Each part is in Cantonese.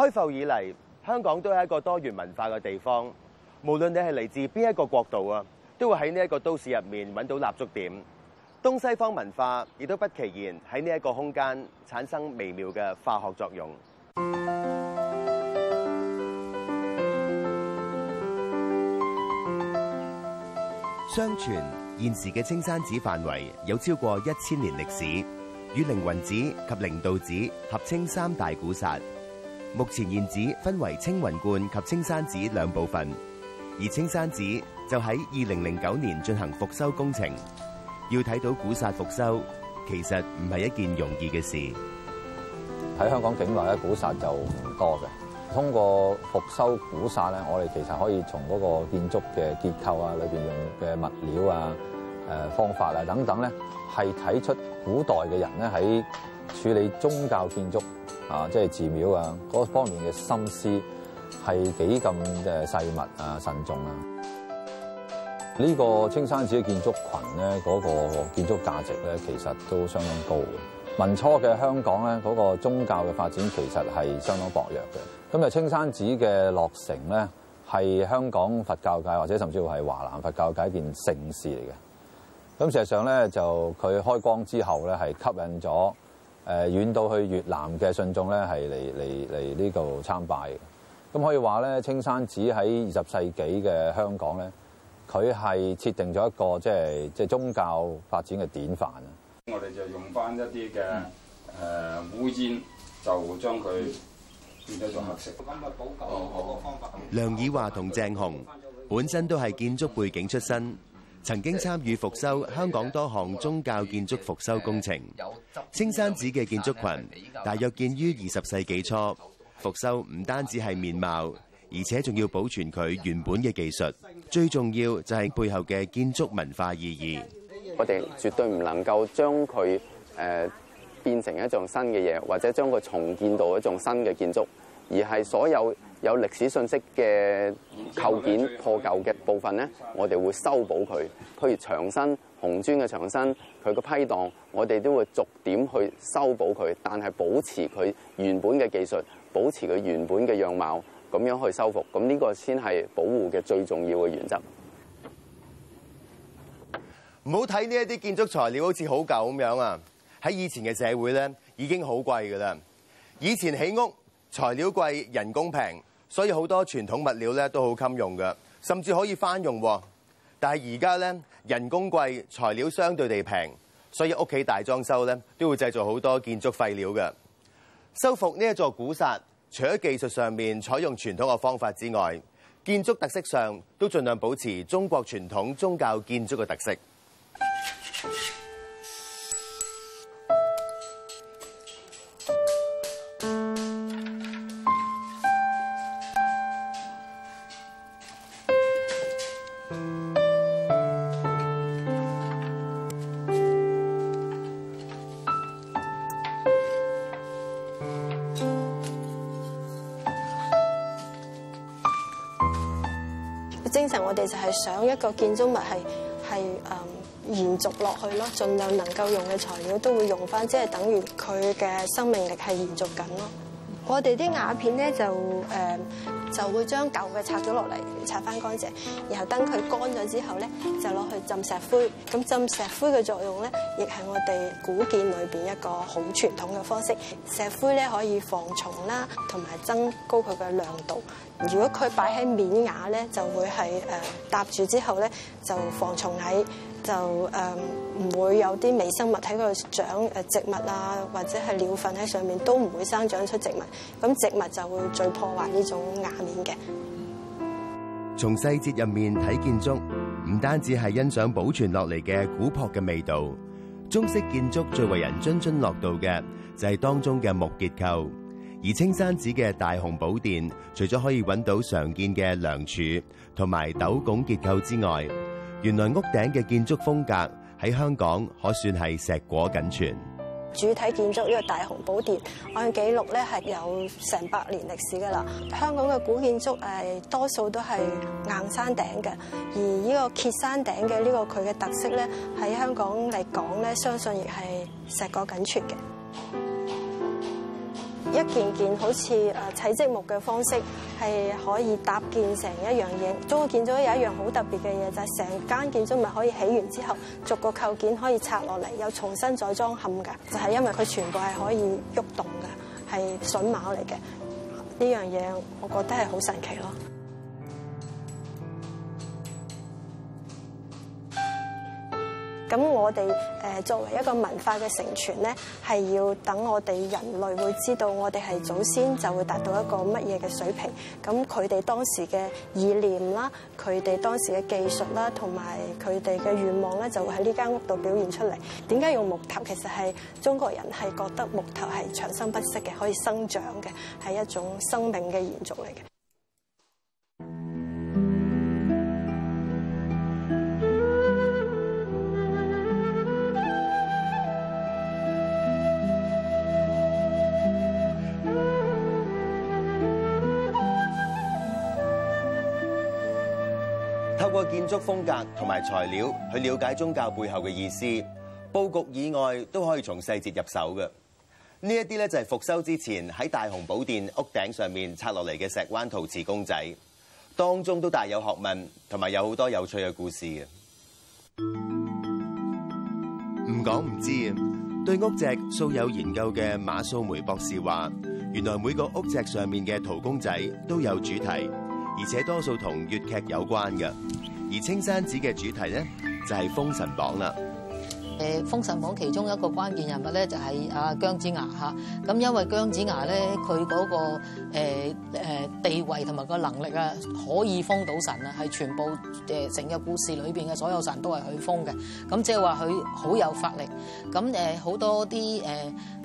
開埠以嚟，香港都係一個多元文化嘅地方。無論你係嚟自邊一個國度啊，都會喺呢一個都市入面揾到立足點。東西方文化亦都不期然喺呢一個空間產生微妙嘅化學作用。相傳現時嘅青山寺範圍有超過一千年歷史，與凌雲寺及靈道寺合稱三大古剎。目前現址分為青雲觀及青山寺兩部分，而青山寺就喺二零零九年進行復修工程。要睇到古刹復修，其實唔係一件容易嘅事。喺香港境內咧，古刹就唔多嘅。通過復修古刹咧，我哋其實可以從嗰個建築嘅結構啊，裏邊用嘅物料啊、呃、誒方法啊等等咧，係睇出古代嘅人咧喺處理宗教建築。啊，即係寺廟啊，嗰方面嘅心思係幾咁嘅細密啊、慎重啊。呢、這個青山寺嘅建築群咧，嗰、那個建築價值咧，其實都相當高嘅。民初嘅香港咧，嗰、那個宗教嘅發展其實係相當薄弱嘅。咁、嗯、啊，青山寺嘅落成咧，係香港佛教界或者甚至乎係華南佛教界一件盛事嚟嘅。咁、嗯、事實上咧，就佢開光之後咧，係吸引咗。誒遠到去越南嘅信眾咧，係嚟嚟嚟呢度參拜嘅。咁可以話咧，青山寺喺二十世紀嘅香港咧，佢係設定咗一個即係即係宗教發展嘅典範啊！我哋就用返一啲嘅誒烏煙，就將佢變咗做黑色。哦，好。梁以華同鄭紅本身都係建築背景出身。曾經參與復修香港多項宗教建築復修工程，青山寺嘅建築群大約建於二十世紀初。復修唔單止係面貌，而且仲要保存佢原本嘅技術，最重要就係背後嘅建築文化意義。我哋絕對唔能夠將佢誒變成一種新嘅嘢，或者將佢重建到一種新嘅建築，而係所有。有歷史信息嘅構件，破舊嘅部分咧，我哋會修補佢。譬如牆身紅磚嘅牆身，佢個批盪，我哋都會逐點去修補佢，但係保持佢原本嘅技術，保持佢原本嘅樣貌，咁樣去修復。咁呢個先係保護嘅最重要嘅原則。唔好睇呢一啲建築材料好似好舊咁樣啊！喺以前嘅社會咧，已經好貴㗎啦。以前起屋材料貴，人工平。所以好多傳統物料咧都好襟用嘅，甚至可以翻用。但係而家咧，人工貴，材料相對地平，所以屋企大裝修咧都會製造好多建築廢料嘅。修復呢一座古剎，除咗技術上面採用傳統嘅方法之外，建築特色上都盡量保持中國傳統宗教建築嘅特色。經常我哋就係想一個建築物係係誒延續落去咯，盡量能夠用嘅材料都會用翻，即係等於佢嘅生命力係延續緊咯。我哋啲瓦片咧就誒。嗯就會將舊嘅拆咗落嚟，拆翻乾淨，然後等佢乾咗之後咧，就攞去浸石灰。咁浸石灰嘅作用咧，亦係我哋古建裏面一個好傳統嘅方式。石灰咧可以防蟲啦，同埋增高佢嘅亮度。如果佢擺喺面瓦咧，就會係、呃、搭住之後咧，就防蟲蟻。就誒唔會有啲微生物喺度長誒植物啊，或者係鳥糞喺上面都唔會生長出植物，咁植物就會最破壞呢種瓦面嘅。從細節入面睇建築，唔單止係欣賞保存落嚟嘅古樸嘅味道，中式建築最為人津津樂道嘅就係當中嘅木結構。而青山寺嘅大雄寶殿，除咗可以揾到常見嘅梁柱同埋斗拱結構之外，原來屋頂嘅建築風格喺香港可算係碩果僅存。主體建築呢個大雄寶殿，按紀錄咧，係有成百年歷史噶啦。香港嘅古建築誒，多數都係硬山頂嘅，而呢個歇山頂嘅呢、這個佢嘅特色咧，喺香港嚟講咧，相信亦係碩果僅存嘅。一件件好似誒砌積木嘅方式。係可以搭建成一樣嘢，中國建築有一樣好特別嘅嘢，就係成間建築物可以起完之後，逐個構件可以拆落嚟，又重新再裝嵌㗎。就係、是、因為佢全部係可以喐動嘅，係榫卯嚟嘅呢樣嘢，是東西我覺得係好神奇咯。咁我哋誒作為一個文化嘅承傳咧，係要等我哋人類會知道我哋係祖先就會達到一個乜嘢嘅水平。咁佢哋當時嘅意念啦，佢哋當時嘅技術啦，同埋佢哋嘅願望咧，就會喺呢間屋度表現出嚟。點解用木頭？其實係中國人係覺得木頭係長生不息嘅，可以生長嘅，係一種生命嘅延續嚟嘅。足風格同埋材料去了解宗教背後嘅意思，佈局以外都可以從細節入手嘅。呢一啲呢就係復修之前喺大雄寶殿屋頂上面拆落嚟嘅石灣陶瓷公仔，當中都大有學問，同埋有好多有趣嘅故事。唔講唔知，對屋脊素有研究嘅馬素梅博士話，原來每個屋脊上面嘅陶公仔都有主題，而且多數同粵劇有關嘅。而青山寺》嘅主題咧，就係《封神榜》啦。誒，《封神榜》其中一個關鍵人物咧，就係、是、阿姜子牙嚇。咁因為姜子牙咧，佢嗰個誒地位同埋個能力啊，可以封到神啊，係全部誒成個故事裏邊嘅所有神都係佢封嘅。咁即係話佢好有法力。咁誒好多啲誒。呃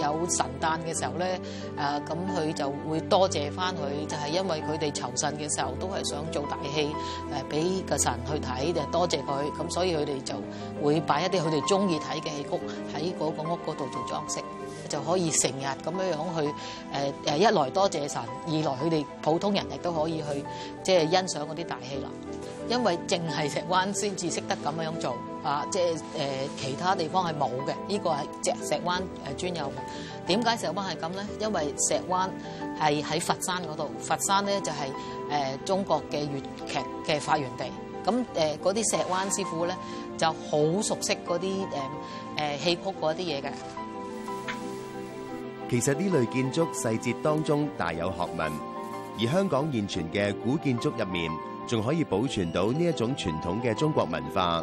有神誕嘅時候咧，誒咁佢就會多謝翻佢，就係因為佢哋求神嘅時候都係想做大戲，誒俾個神去睇就多謝佢，咁所以佢哋就會擺一啲佢哋中意睇嘅戲曲喺嗰個屋嗰度做裝飾，就可以成日咁樣樣去誒誒一來多謝神，二來佢哋普通人亦都可以去即係欣賞嗰啲大戲啦，因為淨係石灣先至識得咁樣做。啊！即係誒，其他地方係冇嘅，呢個係隻石灣誒專有嘅。點解石灣係咁咧？因為石灣係喺佛山嗰度，佛山咧就係誒中國嘅粵劇嘅發源地。咁誒嗰啲石灣師傅咧就好熟悉嗰啲誒誒戲曲嗰啲嘢嘅。其實呢類建築細節當中大有學問，而香港現存嘅古建築入面仲可以保存到呢一種傳統嘅中國文化。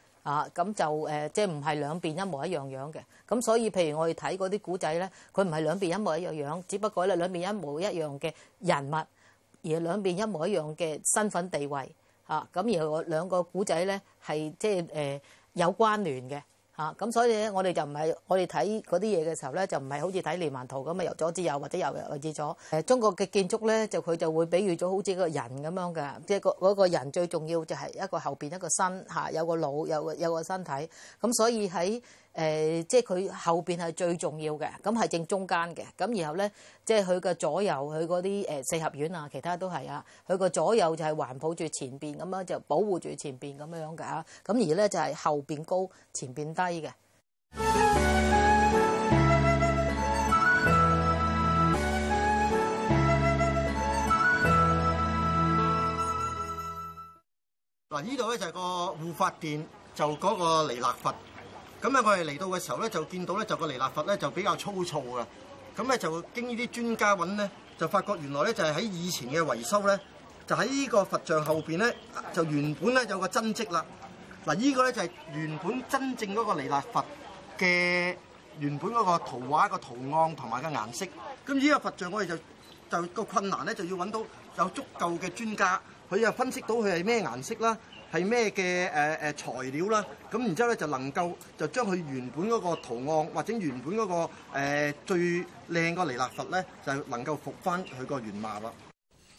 啊，咁就誒，即係唔係兩邊一模一樣樣嘅，咁所以譬如我哋睇嗰啲古仔咧，佢唔係兩邊一模一樣樣，只不過咧兩邊一模一樣嘅人物，而兩邊一模一樣嘅身份地位，嚇、啊，咁而我兩個古仔咧係即係誒有關聯嘅。啊、咁、所以咧，我哋就唔係我哋睇嗰啲嘢嘅時候咧，就唔係好似睇連環圖咁啊，由左至右或者由右至左。誒，中國嘅建築咧，就佢就會比喻咗好似個人咁樣㗎，即係個嗰個人最重要就係一個後邊一個身嚇、啊，有個腦，有個有個身體。咁所以喺誒、呃，即係佢後邊係最重要嘅，咁係正中間嘅，咁然後咧，即係佢嘅左右，佢嗰啲誒四合院啊，其他都係啊，佢個左右就係環抱住前邊咁樣，就保護住前邊咁樣嘅嚇，咁而咧就係、是、後邊高，前邊低嘅。嗱，呢度咧就係個護法殿，就嗰個彌勒佛。咁咧，我哋嚟到嘅時候咧，就見到咧，就個彌勒佛咧就比較粗糙噶。咁咧就經專呢啲專家揾咧，就發覺原來咧就係喺以前嘅維修咧，就喺呢個佛像後面咧，就原本咧有個真跡啦。嗱，呢個咧就係原本真正嗰個彌勒佛嘅原本嗰個圖畫、個圖案同埋個顏色。咁呢個佛像我哋就就、嗰個困難咧，就要揾到有足夠嘅專家，佢又分析到佢係咩顏色啦。係咩嘅誒誒材料啦？咁然之後咧，就能夠就將佢原本嗰個圖案或者原本嗰、嗰個、呃、最靚個尼喇佛咧，就能夠復翻佢個原貌啦。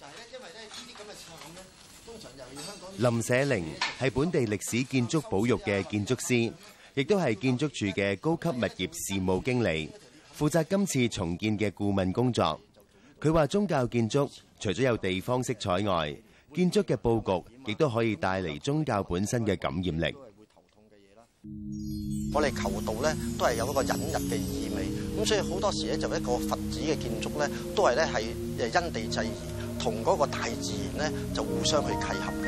就係咧，因為咧呢啲咁嘅廠咧，通常由香港林舍玲，係本地歷史建築保育嘅建築師，亦都係建築署嘅高級物業事務經理，負責今次重建嘅顧問工作。佢話：宗教建築除咗有地方色彩外，建築嘅布局，亦都可以帶嚟宗教本身嘅感染力。會頭痛嘅嘢啦，我哋求道咧，都係有一個隱逸嘅意味。咁所以好多時咧，就一個佛寺嘅建築咧，都係咧係誒因地制宜，同個大自然咧就互相去契合。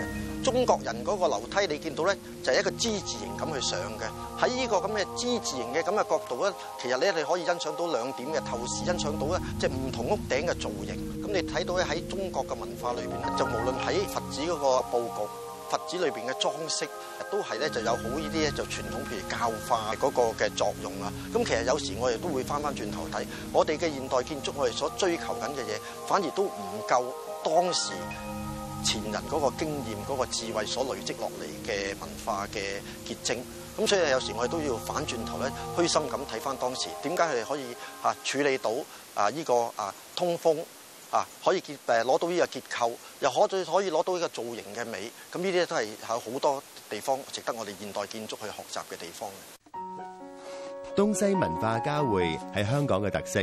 中國人嗰個樓梯，你見到咧，就係一個之字形咁去上嘅。喺呢個咁嘅之字形嘅咁嘅角度咧，其實咧你可以欣賞到兩點嘅透視，欣賞到咧即係唔同屋頂嘅造型。咁你睇到咧喺中國嘅文化裏邊咧，就無論喺佛寺嗰個佈局、佛寺裏邊嘅裝飾，都係咧就有好呢啲咧就傳統，譬如教化嗰個嘅作用啦。咁其實有時我哋都會翻翻轉頭睇，我哋嘅現代建築，我哋所追求緊嘅嘢，反而都唔夠當時。前人嗰個經驗、嗰個智慧所累積落嚟嘅文化嘅結晶，咁所以有時我哋都要反轉頭咧，虛心咁睇翻當時點解佢哋可以啊處理到啊？呢個啊通風啊，可以結誒攞到呢個結構，又可以可以攞到呢個造型嘅美。咁呢啲都係有好多地方值得我哋現代建築去學習嘅地方嘅。東西文化交匯係香港嘅特色，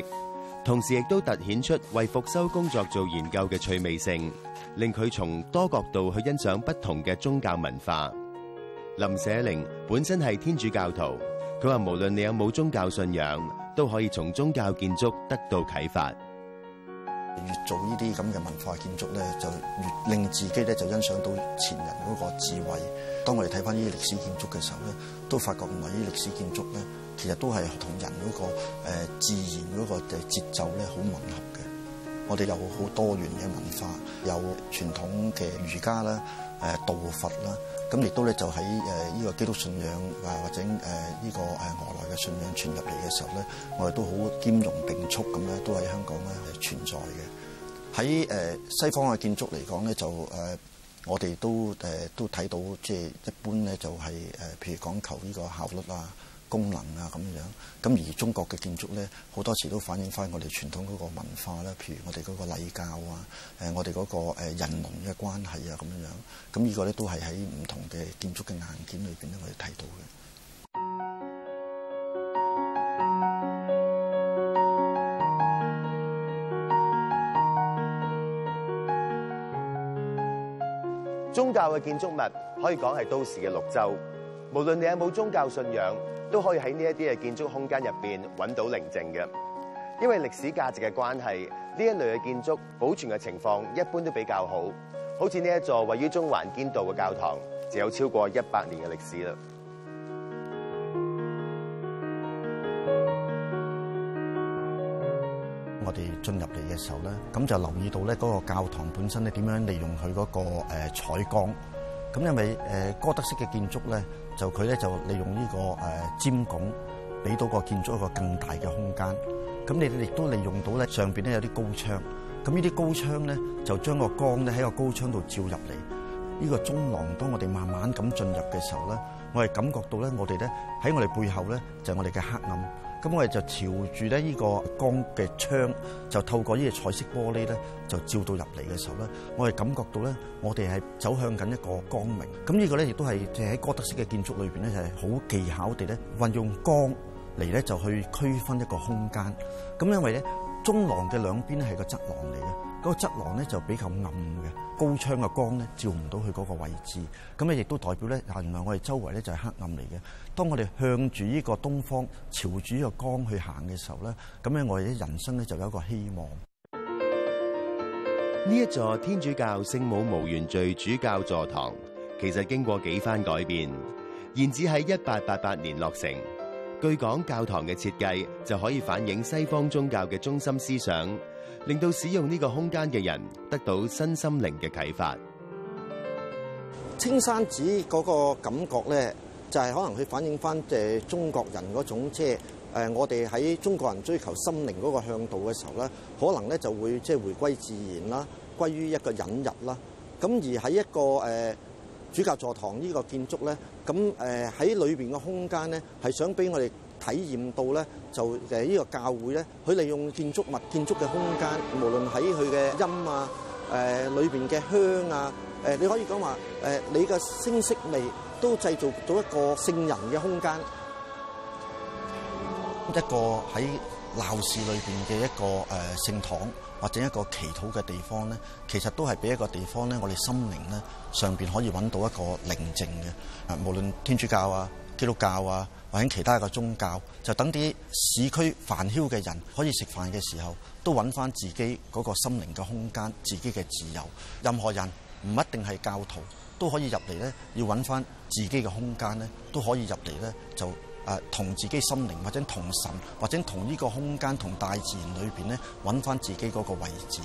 同時亦都突顯出為復修工作做研究嘅趣味性。令佢從多角度去欣賞不同嘅宗教文化。林舍玲本身係天主教徒，佢話無論你有冇宗教信仰，都可以從宗教建築得到啟發。越做呢啲咁嘅文化建築咧，就越令自己咧就欣賞到前人嗰個智慧。當我哋睇翻呢啲歷史建築嘅時候咧，都發覺唔係呢啲歷史建築咧，其實都係同人嗰個誒自然嗰個嘅節奏咧好吻合嘅。我哋有好多元嘅文化，有傳統嘅儒家啦、誒道佛啦，咁亦都咧就喺誒呢個基督信仰啊，或者誒呢個誒外來嘅信仰傳入嚟嘅時候咧，我哋都好兼容並蓄咁咧，都喺香港咧係存在嘅。喺誒西方嘅建築嚟講咧，就誒我哋都誒都睇到，即係一般咧就係、是、誒譬如講求呢個效率啊。功能啊咁樣，咁而中國嘅建築咧，好多時都反映翻我哋傳統嗰個文化啦，譬如我哋嗰個禮教啊，誒我哋嗰個誒人龍嘅關係啊咁樣，咁、這、呢個咧都係喺唔同嘅建築嘅硬件裏邊咧，我哋睇到嘅。宗教嘅建築物可以講係都市嘅綠洲，無論你有冇宗教信仰。都可以喺呢一啲嘅建築空間入邊揾到寧靜嘅，因為歷史價值嘅關係，呢一類嘅建築保存嘅情況一般都比較好。好似呢一座位於中環堅道嘅教堂，就有超過一百年嘅歷史啦。我哋進入嚟嘅時候咧，咁就留意到咧嗰個教堂本身咧點樣利用佢嗰個誒採光。咁因為誒哥德式嘅建築咧，就佢咧就利用呢個誒尖拱，俾到個建築一個更大嘅空間。咁你哋亦都利用到咧上邊咧有啲高窗。咁呢啲高窗咧就將個光咧喺個高窗度照入嚟。呢個中廊當我哋慢慢咁進入嘅時候咧，我哋感覺到咧我哋咧喺我哋背後咧就係我哋嘅黑暗。咁我哋就朝住咧依個光嘅窗，就透過呢個彩色玻璃咧，就照到入嚟嘅時候咧，我哋感覺到咧，我哋係走向緊一個光明。咁呢個咧亦都係即係喺哥德式嘅建築裏邊咧，係好技巧地咧運用光嚟咧就去區分一個空間。咁因為咧中廊嘅兩邊係個側廊嚟嘅，嗰個側廊咧就比較暗嘅，高窗嘅光咧照唔到佢嗰個位置，咁咧亦都代表咧原來我哋周圍咧就係黑暗嚟嘅。當我哋向住呢個東方，朝住呢個光去行嘅時候咧，咁樣我哋人生咧就有一個希望。呢一座天主教聖母無原罪主教座堂，其實經過幾番改變，現址喺一八八八年落成。據講，教堂嘅設計就可以反映西方宗教嘅中心思想，令到使用呢個空間嘅人得到身心靈嘅啟發。青山寺嗰個感覺咧。就係可能佢反映翻誒中國人嗰種即係誒我哋喺中國人追求心靈嗰個向度嘅時候咧，可能咧就會即係回歸自然啦，歸於一個引入啦。咁而喺一個誒、呃、主教座堂呢個建築咧，咁誒喺裏邊嘅空間咧，係想俾我哋體驗到咧，就誒呢個教會咧，佢利用建築物、建築嘅空間，無論喺佢嘅音啊、誒裏邊嘅香啊、誒、呃、你可以講話誒你嘅聲色味。都製造到一個聖人嘅空間，一個喺鬧市裏面嘅一個誒聖堂，或者一個祈禱嘅地方，呢其實都係俾一個地方，呢我哋心靈呢上邊可以揾到一個寧靜嘅。無論天主教啊、基督教啊，或者其他一個宗教，就等啲市區煩囂嘅人可以食飯嘅時候，都揾翻自己嗰個心靈嘅空間，自己嘅自由。任何人。唔一定係教徒，都可以入嚟呢。要揾翻自己嘅空間呢，都可以入嚟呢。就、啊、誒同自己心靈，或者同神，或者同呢個空間同大自然裏邊呢，揾翻自己嗰個位置。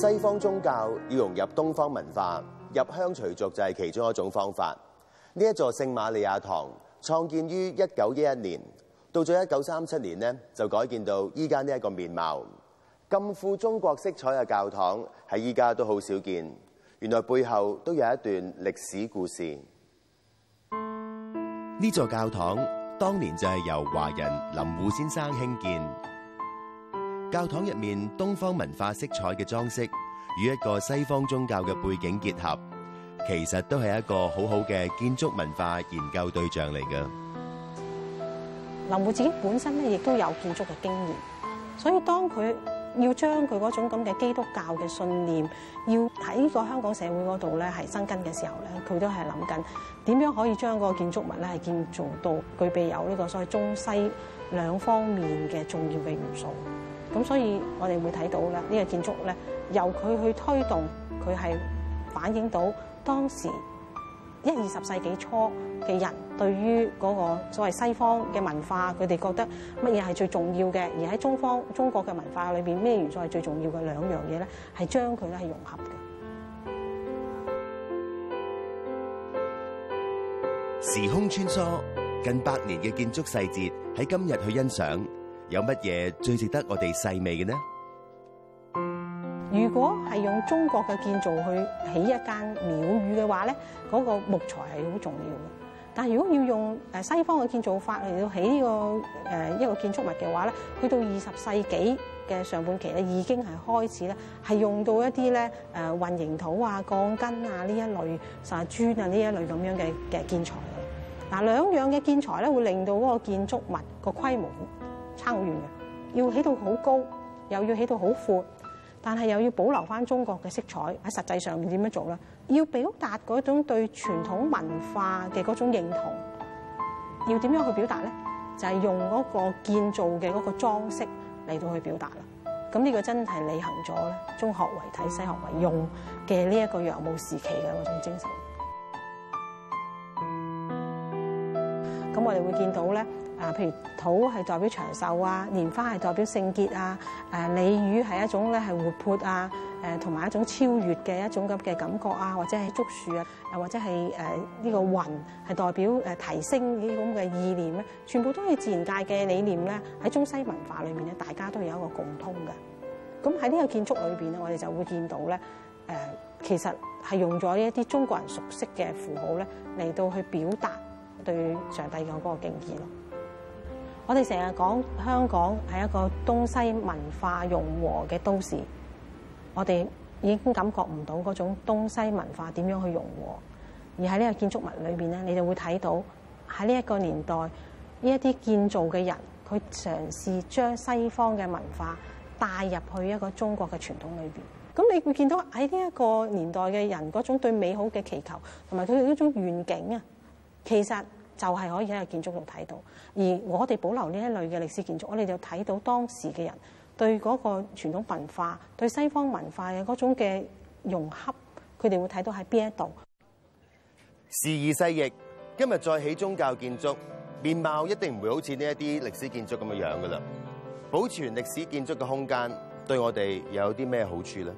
西方宗教要融入東方文化，入鄉隨俗就係其中一種方法。呢一座聖瑪利亞堂，創建於一九一一年，到咗一九三七年呢，就改建到依家呢一個面貌。咁富中國色彩嘅教堂，喺依家都好少見。原來背後都有一段歷史故事。呢座教堂當年就係由華人林護先生興建。教堂入面東方文化色彩嘅裝飾與一個西方宗教嘅背景結合，其實都係一個好好嘅建築文化研究對象嚟嘅。林護自己本身咧，亦都有建築嘅經驗，所以當佢要將佢嗰種咁嘅基督教嘅信念要喺個香港社會嗰度咧係生根嘅時候咧，佢都係諗緊點樣可以將個建築物咧係建造到具備有呢個所謂中西兩方面嘅重要嘅元素。咁所以我哋會睇到咧，呢個建築咧，由佢去推動，佢係反映到當時一二十世紀初嘅人對於嗰個所謂西方嘅文化，佢哋覺得乜嘢係最重要嘅，而喺中方中國嘅文化裏邊，咩元素係最重要嘅兩樣嘢咧，係將佢咧係融合嘅。時空穿梭，近百年嘅建築細節喺今日去欣賞。有乜嘢最值得我哋細味嘅呢？如果係用中國嘅建造去起一間廟宇嘅話咧，嗰個木材係好重要嘅。但係如果要用誒西方嘅建造法嚟到起呢個誒一個建築物嘅話咧，去到二十世紀嘅上半期咧，已經係開始咧係用到一啲咧誒混凝土啊、鋼筋啊呢一類啊磚啊呢一類咁樣嘅嘅建材啦。嗱，兩樣嘅建材咧會令到嗰個建築物個規模。差好遠嘅，要起到好高，又要起到好闊，但係又要保留翻中國嘅色彩，喺實際上面點樣做咧？要表達嗰種對傳統文化嘅嗰種認同，要點樣去表達咧？就係、是、用嗰個建造嘅嗰個裝飾嚟到去表達啦。咁呢個真係履行咗咧中學為體，西學為用嘅呢一個洋務時期嘅嗰種精神。咁我哋會見到咧。啊，譬如土係代表長壽啊，蓮花係代表聖潔啊，誒鯉魚係一種咧係活潑啊，誒同埋一種超越嘅一種咁嘅感覺啊，或者係竹樹啊，又或者係誒呢個雲係代表誒提升呢啲咁嘅意念咧，全部都係自然界嘅理念咧，喺中西文化裏面咧，大家都有一個共通嘅。咁喺呢個建築裏邊咧，我哋就會見到咧，誒其實係用咗一啲中國人熟悉嘅符號咧嚟到去表達對上帝嘅嗰個敬意咯。我哋成日講香港係一個東西文化融和嘅都市，我哋已經感覺唔到嗰種東西文化點樣去融和，而喺呢個建築物裏面，咧，你就會睇到喺呢一個年代，呢一啲建造嘅人，佢嘗試將西方嘅文化帶入去一個中國嘅傳統裏面。咁你會見到喺呢一個年代嘅人嗰種對美好嘅祈求，同埋佢哋一種願景啊，其實。就係可以喺個建築度睇到，而我哋保留呢一類嘅歷史建築，我哋就睇到當時嘅人對嗰個傳統文化、對西方文化嘅嗰種嘅融合，佢哋會睇到喺邊一度。時移世易，今日再起宗教建築，面貌一定唔會好似呢一啲歷史建築咁嘅樣噶啦。保存歷史建築嘅空間，對我哋又有啲咩好處咧？